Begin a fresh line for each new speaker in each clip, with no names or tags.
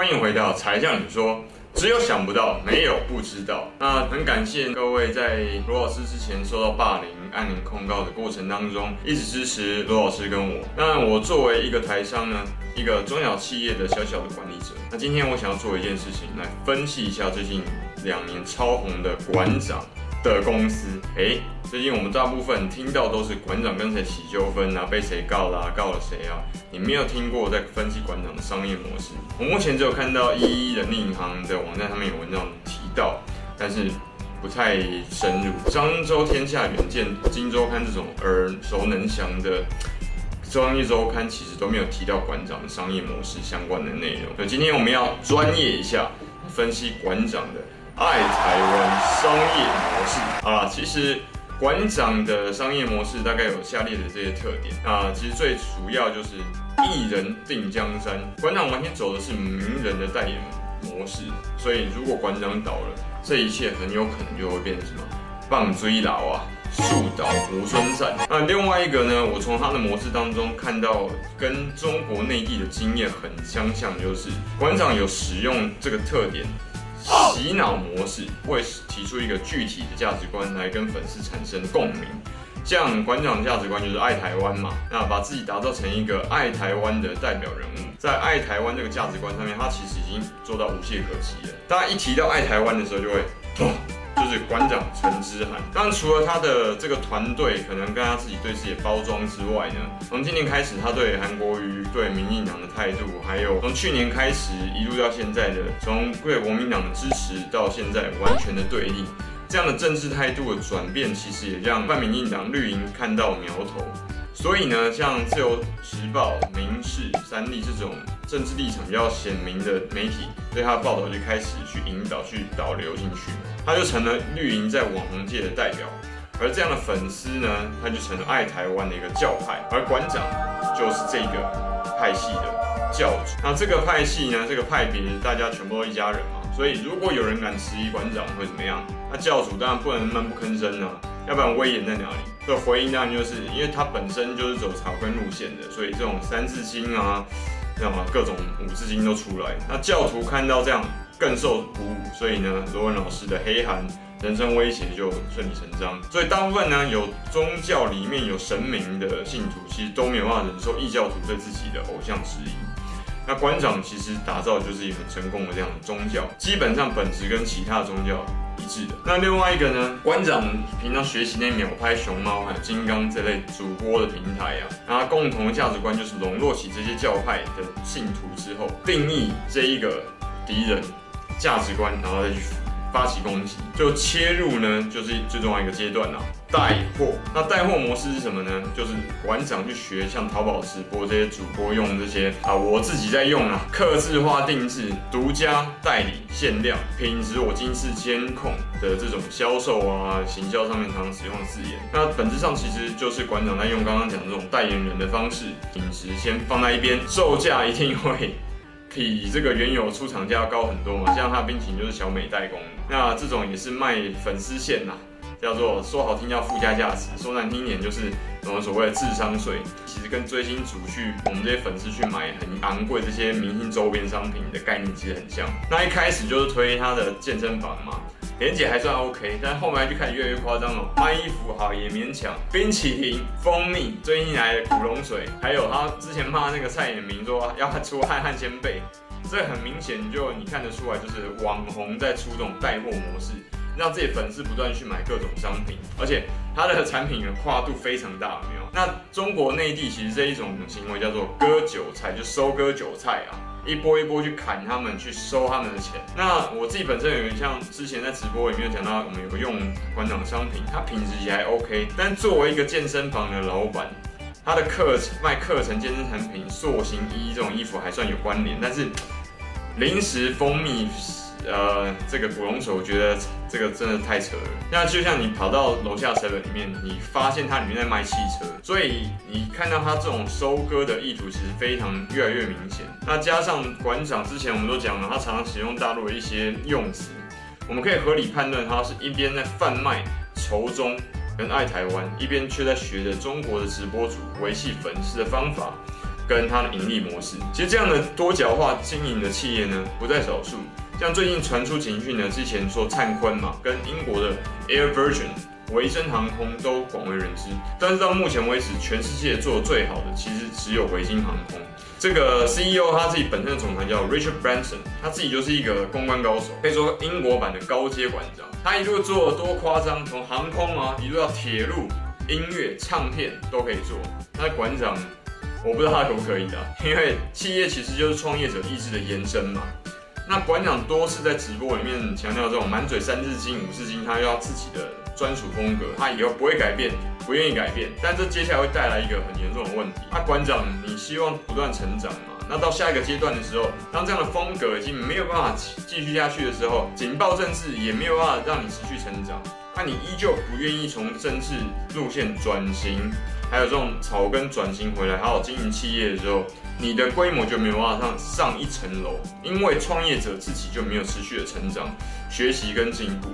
歡迎回到《柴 Sean 你說》，只有想不到，沒有不知道。那很感謝各位在羅老師之前受到霸凌、匿名控告的過程當中，一直支持羅老師跟我。那我作為一個台商呢，一個中小企業的小小的管理者，那今天我想要做一件事情，來分析一下最近兩年超紅的館長。的公司，哎，最近我們大部分聽到都是館長跟誰起糾紛啊，被誰告啦，啊，告了誰啊？你沒有聽過在分析館長的商業模式？我目前只有看到一一人力銀行的網站上面有文章提到，但是不太深入。《商周天下》《遠見》《今周刊》這種耳熟能詳的商業周刊，其實都沒有提到館長的商業模式相關的內容。所以今天我們要專業一下，分析館長的。愛台灣商業模式啊，其實館長的商業模式大概有下列的這些特點啊，其實最主要就是一人定江山，館長完全走的是名人的代言模式，所以如果館長倒了，這一切很有可能就會變成什麼，棒槌倒啊，樹倒猢猻散。那另外一個呢，我從他的模式當中看到跟中國內地的經驗很相像，就是館長有使用這個特點。洗腦模式，會提出一個具體的價值觀來跟粉絲產生共鳴。像館長的價值觀就是愛台灣嘛，那把自己打造成一個愛台灣的代表人物，在愛台灣這個價值觀上面，他其實已經做到無懈可擊了。大家一提到愛台灣的時候就會。就是館長陳之漢當然，除了他的這個團隊，可能跟他自己對自己的包裝之外呢，從今年開始，他對韓國瑜對民進黨的態度，還有從去年開始一路到現在的，從對國民黨的支持到現在完全的對立，這樣的政治態度的轉變，其實也讓泛民進黨綠營看到苗頭。所以呢，像自由時報、民視、三立這種政治立場比較鮮明的媒體，對他的報道就開始去引導、去導流進去，他就成了綠營在網紅界的代表。而這樣的粉絲呢，他就成了愛台灣的一個教派。而館長就是這個派系的教主。那這個派系呢，這個派別大家全部都一家人嘛，所以如果有人敢質疑館長會怎麼樣？那、啊、教主當然不能悶不吭聲了、啊。要不然威嚴在哪裡？所以回應當然就是，因為它本身就是走草根路線的，所以這種三字經啊，知道嗎？各種五字經都出來。那教徒看到這樣更受鼓舞，所以呢，羅文老師的黑函、人身威脅就順理成章。所以大部分呢，有宗教裡面有神明的信徒，其實都沒有辦法忍受異教徒對自己的偶像質疑。那館長其實打造就是一個很成功的這樣的宗教，基本上本質跟其他宗教一致的。那另外一個呢，館長平常學習那秒拍熊貓還有金剛這類主播的平台啊，那共同的價值觀就是籠絡起這些教派的信徒之後，定義這一個敵人價值觀，然後再去。發起攻擊，就切入呢，就是最重要一個階段啦、啊。帶貨，那帶貨模式是什麼呢？就是館長去學像淘寶直播這些主播用這些啊，我自己在用啊，客製化定制、獨家代理、限量、品質、我今次監控的這種銷售啊、行銷上面常常使用的字眼。那本質上其實就是館長在用剛剛講的這種代言人的方式，品質先放在一邊，售價一定會比這個原油出廠價要高很多嘛，像他的冰淇淋就是小美代工，那這種也是賣粉絲線吶，叫做說好聽叫附加價值，說難聽一點就是什麼所謂的智商稅，其實跟追星族去，我們這些粉絲去買很昂貴這些明星周邊商品的概念其實很像，那一開始就是推他的健身房嘛。蓮姐還算 OK，但後面就開始越來越誇張了。賣衣服好也勉強，冰淇淋、蜂蜜，最近來的古龍水，還有他之前罵那個蔡衍明，說要出汗汗先背，這很明顯就你看得出來，就是網紅在出這種帶貨模式，讓自己粉絲不斷去買各種商品，而且他的產品的跨度非常大，有沒有？那中國內地其實這一種行為叫做割韭菜，就收割韭菜啊。一波一波去砍他們，去收他們的錢。那我自己本身有點像之前在直播裡面有講到，我們有用館長的商品，他品質也還 OK。但作為一個健身房的老板，他的課程賣課程、健身產品、塑形衣這種衣服還算有關聯，但是零食、蜂蜜。呃，這個古龍水，我覺得這個真的太扯了。那就像你跑到樓下成本裡面，你發現它裡面在賣汽車，所以你看到它這種收割的意圖，其實非常越來越明顯。那加上館長之前我們都講了，他常常使用大陸的一些用詞，我們可以合理判斷，他是一邊在販賣仇中跟愛台灣，一邊卻在學着中國的直播主維繫粉絲的方法跟他的盈利模式。其實這樣的多角化經營的企業呢，不在少數。像最近傳出警訊呢，之前說燦坤嘛，跟英國的 Air Virgin 維珍航空都廣為人知，但是到目前為止，全世界做的最好的其實只有維珍航空。這個 CEO 他自己本身的總裁叫 Richard Branson，他自己就是一個公關高手，可以說英國版的高階館長。他一路做得多誇張，從航空啊，一路到鐵路、音樂、唱片都可以做。那館長，我不知道他可不可以的，因為企業其實就是創業者意志的延伸嘛。那館長多次在直播裡面強調這種滿嘴三字經、五字經，他要自己的專屬風格，他以後不會改變，不願意改變。但這接下來會帶來一個很嚴重的問題。那、啊、館長，你希望不斷成長嘛？那到下一個階段的時候，當這樣的風格已經沒有辦法繼續下去的時候，警報政治也沒有辦法讓你持續成長。那你依舊不願意從政治路線轉型，還有這種草根轉型回來，還有經營企業的時候。你的規模就沒有辦法上上一層樓，因為創業者自己就沒有持續的成長、學習跟進步，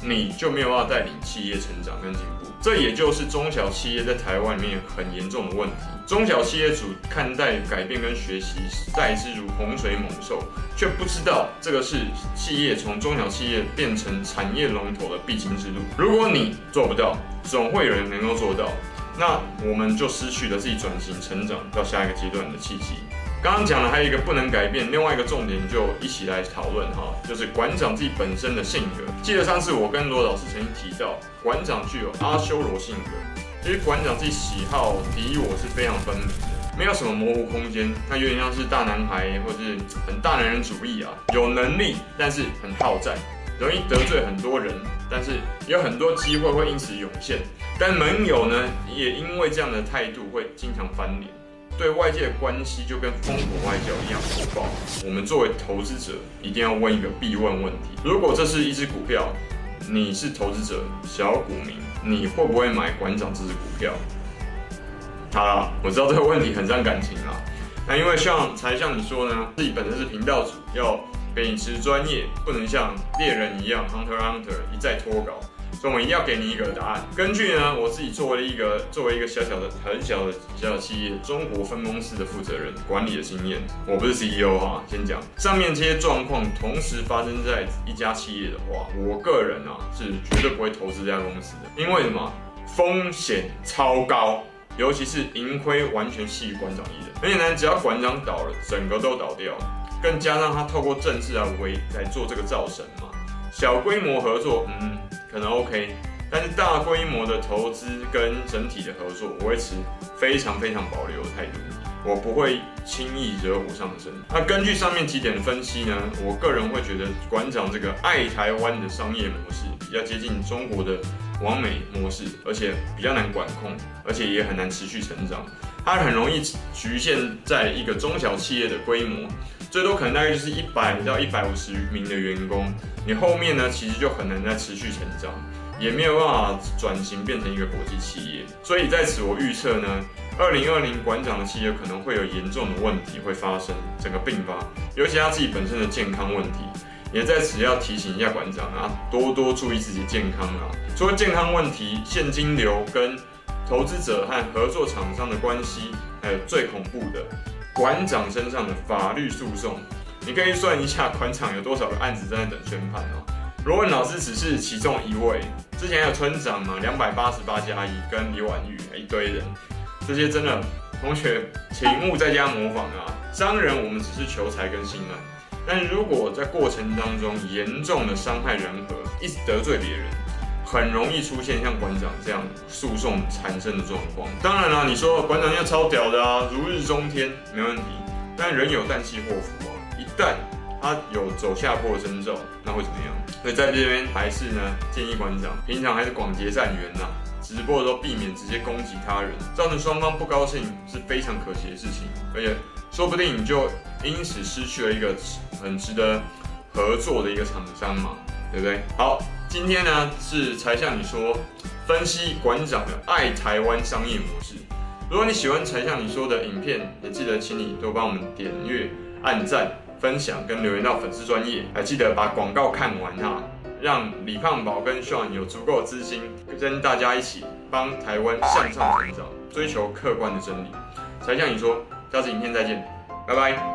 你就沒有辦法帶領企業成長跟進步。這也就是中小企業在台灣裡面有很嚴重的問題。中小企業主看待改變跟學習，視之如洪水猛獸，卻不知道這個是企業從中小企業變成產業龍頭的必經之路。如果你做不到，總會有人能夠做到。那我們就失去了自己轉型成長到下一個階段的契機。剛剛講了還有一個不能改變，另外一個重點就一起來討論哈，就是館長自己本身的性格。記得上次我跟羅老師曾經提到，館長具有阿修羅性格，因為館長自己喜好敵我是非常分明的，沒有什麼模糊空間。那有點像是大男孩，或者是很大男人主義啊，有能力但是很好戰。容易得罪很多人，但是有很多機會會因此湧現。但盟友呢，也因為這樣的態度會經常翻臉，對外界的關係就跟瘋狂外交一樣火爆。我們作為投資者，一定要問一個必問問題：如果這是一隻股票，你是投資者、小股民，你會不會買館長這隻股票？好了，我知道這個問題很傷感情啊。那因為像柴 Sean 你說呢，自己本身是頻道主要。秉持專業，不能像獵人一樣 hunter hunter 一再拖稿，所以我一定要給你一個答案。根據呢，我自己作為一個作為一個小小的、很小的小小企業中國分公司的負責人管理的經驗，我不是 CEO 哈，先講上面這些狀況同時發生在一家企業的話，我個人啊是絕對不會投資這家公司的，因為什麼風險超高，尤其是盈虧完全繫館長一人，很簡單，只要館長倒了，整個都倒掉。更加讓他透過政治而為來做這個造神嘛，小規模合作嗯可能 OK，但是大規模的投資跟整體的合作，我會持非常非常保留的態度，我不會輕易惹火上身。那根據上面幾點的分析呢，我個人會覺得館長這個愛台灣的商業模式比較接近中國的網美模式，而且比較難管控，而且也很難持續成長，它很容易局限在一個中小企業的規模。最多可能大概就是一百到一百五十名的員工，你後面呢，其實就很難再持續成長，也沒有辦法轉型變成一個國際企業。所以在此我預測呢，二零二零館長的企業可能會有嚴重的問題會發生，整個病發，尤其他自己本身的健康問題，也在此要提醒一下館長啊，多多注意自己健康啊。除了健康問題，現金流跟投資者和合作廠商的關係，還有最恐怖的。館長身上的法律訴訟，你可以算一下，館長有多少個案子在等宣判哦。羅文老師只是其中一位，之前還有村長嘛，啊，兩百八十八加一跟李婉玉一堆人，這些真的同學，請勿在家模仿啊。商人我們只是求財跟信任，但如果在過程當中嚴重的傷害人和，一直得罪別人，很容易出現像館長這樣訴訟纏身的狀況。當然了啊，你說館長要超屌的啊，如日中天，沒問題。但人有旦夕禍福啊，一旦他有走下坡的徵兆，那會怎麼樣？所以在這邊還是呢，建議館長平常還是廣結善緣呐，直播的時候避免直接攻擊他人，造成雙方不高興是非常可惜的事情。而且說不定你就因此失去了一個很值得合作的一個廠商嘛，對不對？好。今天呢，是柴 Sean 你說分析館長的愛台灣商業模式。如果你喜歡柴 Sean 你說的影片，也記得請你多幫我們點閱、按讚、分享跟留言到粉絲專頁，還記得把廣告看完哈，讓李胖寶跟 Sean 有足夠資金跟大家一起幫台灣向上成長，追求客觀的真理。柴 Sean 你說，下次影片再見，拜拜。